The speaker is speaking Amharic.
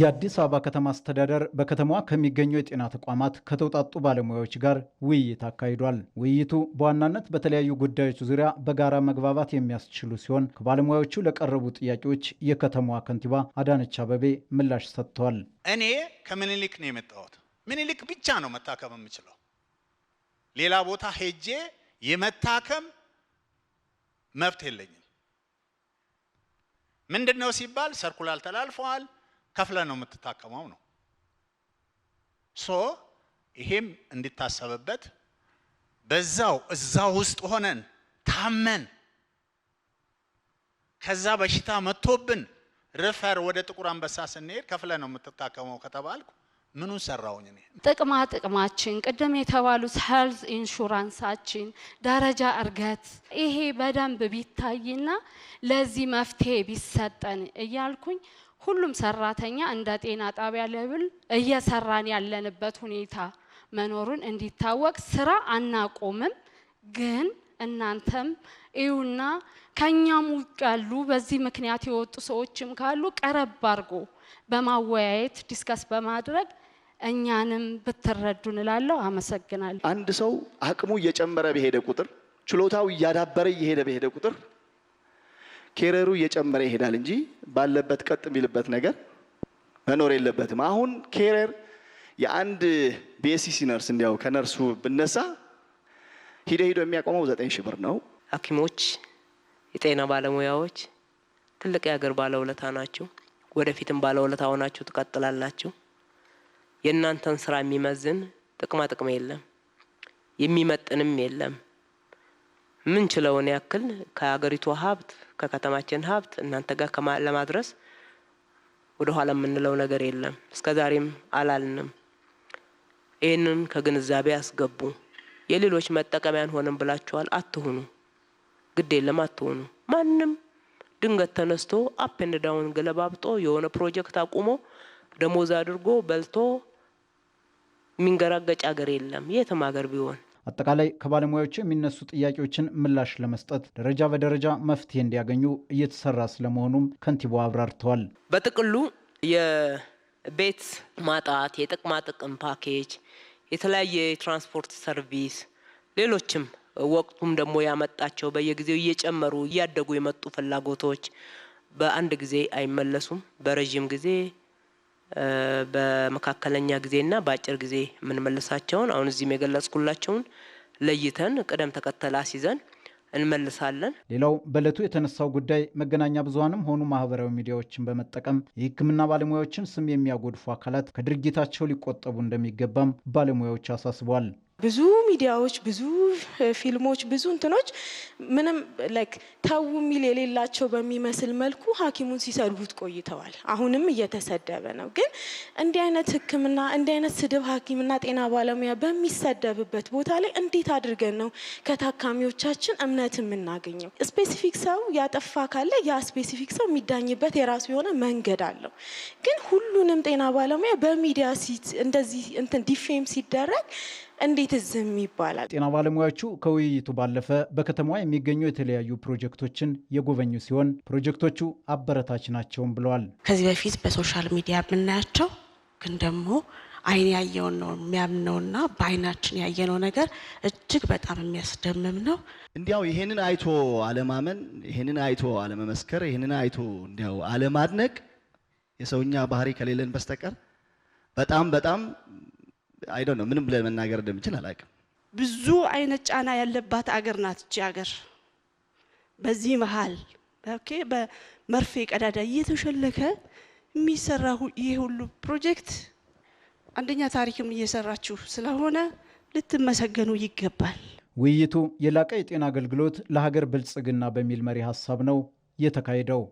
የአዲስ አበባ ከተማ አስተዳደር በከተማዋ ከሚገኙ የጤና ተቋማት ከተውጣጡ ባለሙያዎች ጋር ውይይት አካሂዷል። ውይይቱ በዋናነት በተለያዩ ጉዳዮች ዙሪያ በጋራ መግባባት የሚያስችሉ ሲሆን ከባለሙያዎቹ ለቀረቡ ጥያቄዎች የከተማዋ ከንቲባ አዳነች አበቤ ምላሽ ሰጥተዋል። እኔ ከምኒልክ ነው የመጣሁት። ምኒልክ ብቻ ነው መታከም የምችለው። ሌላ ቦታ ሄጄ የመታከም መብት የለኝም። ምንድን ነው ሲባል ሰርኩላል ተላልፈዋል ከፍለ ነው የምትታከመው ነው። ሶ ይሄም እንዲታሰብበት በዛው እዛው ውስጥ ሆነን ታመን ከዛ በሽታ መጥቶብን ሪፈር ወደ ጥቁር አንበሳ ስንሄድ ከፍለ ነው የምትታከመው ከተባልኩ ምኑን ሰራውኝ እኔ ጥቅማ ጥቅማችን ቅድም የተባሉት ሄልዝ ኢንሹራንሳችን ደረጃ እርገት ይሄ በደንብ ቢታይና ለዚህ መፍትሄ ቢሰጠን እያልኩኝ ሁሉም ሰራተኛ እንደ ጤና ጣቢያ ለብል እየሰራን ያለንበት ሁኔታ መኖሩን እንዲታወቅ ስራ አናቆምም፣ ግን እናንተም እዩና ከእኛም ውጭ ያሉ በዚህ ምክንያት የወጡ ሰዎችም ካሉ ቀረብ አርጎ በማወያየት ዲስከስ በማድረግ እኛንም ብትረዱ እንላለሁ። አመሰግናለሁ። አንድ ሰው አቅሙ እየጨመረ በሄደ ቁጥር፣ ችሎታው እያዳበረ እየሄደ በሄደ ቁጥር ኬረሩ እየጨመረ ይሄዳል እንጂ ባለበት ቀጥ የሚልበት ነገር መኖር የለበትም። አሁን ኬረር የአንድ ቤሲሲ ነርስ እንዲያው ከነርሱ ብነሳ ሂደ ሂዶ የሚያቆመው ዘጠኝ ሺ ብር ነው። ሐኪሞች የጤና ባለሙያዎች ትልቅ የሀገር ባለውለታ ናቸው። ወደፊትም ባለውለታ ሆናችሁ ትቀጥላላችሁ። የእናንተን ስራ የሚመዝን ጥቅማ ጥቅም የለም፣ የሚመጥንም የለም። ምን ያክል ከሀገሪቱ ሀብት ከከተማችን ሀብት እናንተ ጋር ለማድረስ ወደ ኋላ የምንለው ነገር የለም። እስከዛሬም አላልንም። ይህንን ከግንዛቤ አስገቡ። የሌሎች መጠቀሚያን ሆነን ብላችኋል። አትሁኑ፣ ግድ የለም አትሁኑ ማንም ድንገት ተነስቶ አፕ ዳውን ገለባብጦ የሆነ ፕሮጀክት አቁሞ ደሞዝ አድርጎ በልቶ የሚንገራገጭ ሀገር የለም የትም ሀገር ቢሆን። አጠቃላይ ከባለሙያዎች የሚነሱ ጥያቄዎችን ምላሽ ለመስጠት ደረጃ በደረጃ መፍትሄ እንዲያገኙ እየተሰራ ስለመሆኑም ከንቲባው አብራርተዋል። በጥቅሉ የቤት ማጣት፣ የጥቅማጥቅም ፓኬጅ፣ የተለያየ የትራንስፖርት ሰርቪስ፣ ሌሎችም ወቅቱም ደግሞ ያመጣቸው በየጊዜው እየጨመሩ እያደጉ የመጡ ፍላጎቶች በአንድ ጊዜ አይመለሱም። በረዥም ጊዜ፣ በመካከለኛ ጊዜና በአጭር ጊዜ የምንመልሳቸውን አሁን እዚህም የገለጽኩላቸውን ለይተን ቅደም ተከተል አስይዘን እንመልሳለን። ሌላው በእለቱ የተነሳው ጉዳይ መገናኛ ብዙሀንም ሆኑ ማህበራዊ ሚዲያዎችን በመጠቀም የሕክምና ባለሙያዎችን ስም የሚያጎድፉ አካላት ከድርጊታቸው ሊቆጠቡ እንደሚገባም ባለሙያዎች አሳስበዋል። ብዙ ሚዲያዎች፣ ብዙ ፊልሞች፣ ብዙ እንትኖች ምንም ላይክ ተው የሚል የሌላቸው በሚመስል መልኩ ሐኪሙን ሲሰድቡት ቆይተዋል። አሁንም እየተሰደበ ነው። ግን እንዲህ አይነት ሕክምና እንዲህ አይነት ስድብ ሐኪምና ጤና ባለሙያ በሚሰደብበት ቦታ ላይ እንዴት አድርገን ነው ከታካሚዎቻችን እምነት የምናገኘው? ስፔሲፊክ ሰው ያጠፋ ካለ ያ ስፔሲፊክ ሰው የሚዳኝበት የራሱ የሆነ መንገድ አለው። ግን ሁሉንም ጤና ባለሙያ በሚዲያ እንደዚህ እንትን ዲፌም ሲደረግ እንዴት ዝም ይባላል? ጤና ባለሙያዎቹ ከውይይቱ ባለፈ በከተማዋ የሚገኙ የተለያዩ ፕሮጀክቶችን የጎበኙ ሲሆን ፕሮጀክቶቹ አበረታች ናቸውም ብለዋል። ከዚህ በፊት በሶሻል ሚዲያ የምናያቸው ግን ደግሞ አይን ያየውን ነው የሚያምነውና በአይናችን ያየነው ነገር እጅግ በጣም የሚያስደምም ነው። እንዲያው ይሄንን አይቶ አለማመን፣ ይሄንን አይቶ አለመመስከር፣ ይሄንን አይቶ እንዲያው አለማድነቅ የሰውኛ ባህሪ ከሌለን በስተቀር በጣም በጣም አይዶ ነው ምንም ለመናገር እንደምችል አላውቅም። ብዙ አይነት ጫና ያለባት አገር ናት እቺ አገር። በዚህ መሀል ኦኬ በመርፌ ቀዳዳ እየተሸለከ የሚሰራ ይሄ ሁሉ ፕሮጀክት አንደኛ ታሪክም እየሰራችሁ ስለሆነ ልትመሰገኑ ይገባል። ውይይቱ የላቀ የጤና አገልግሎት ለሀገር ብልጽግና በሚል መሪ ሀሳብ ነው የተካሄደው።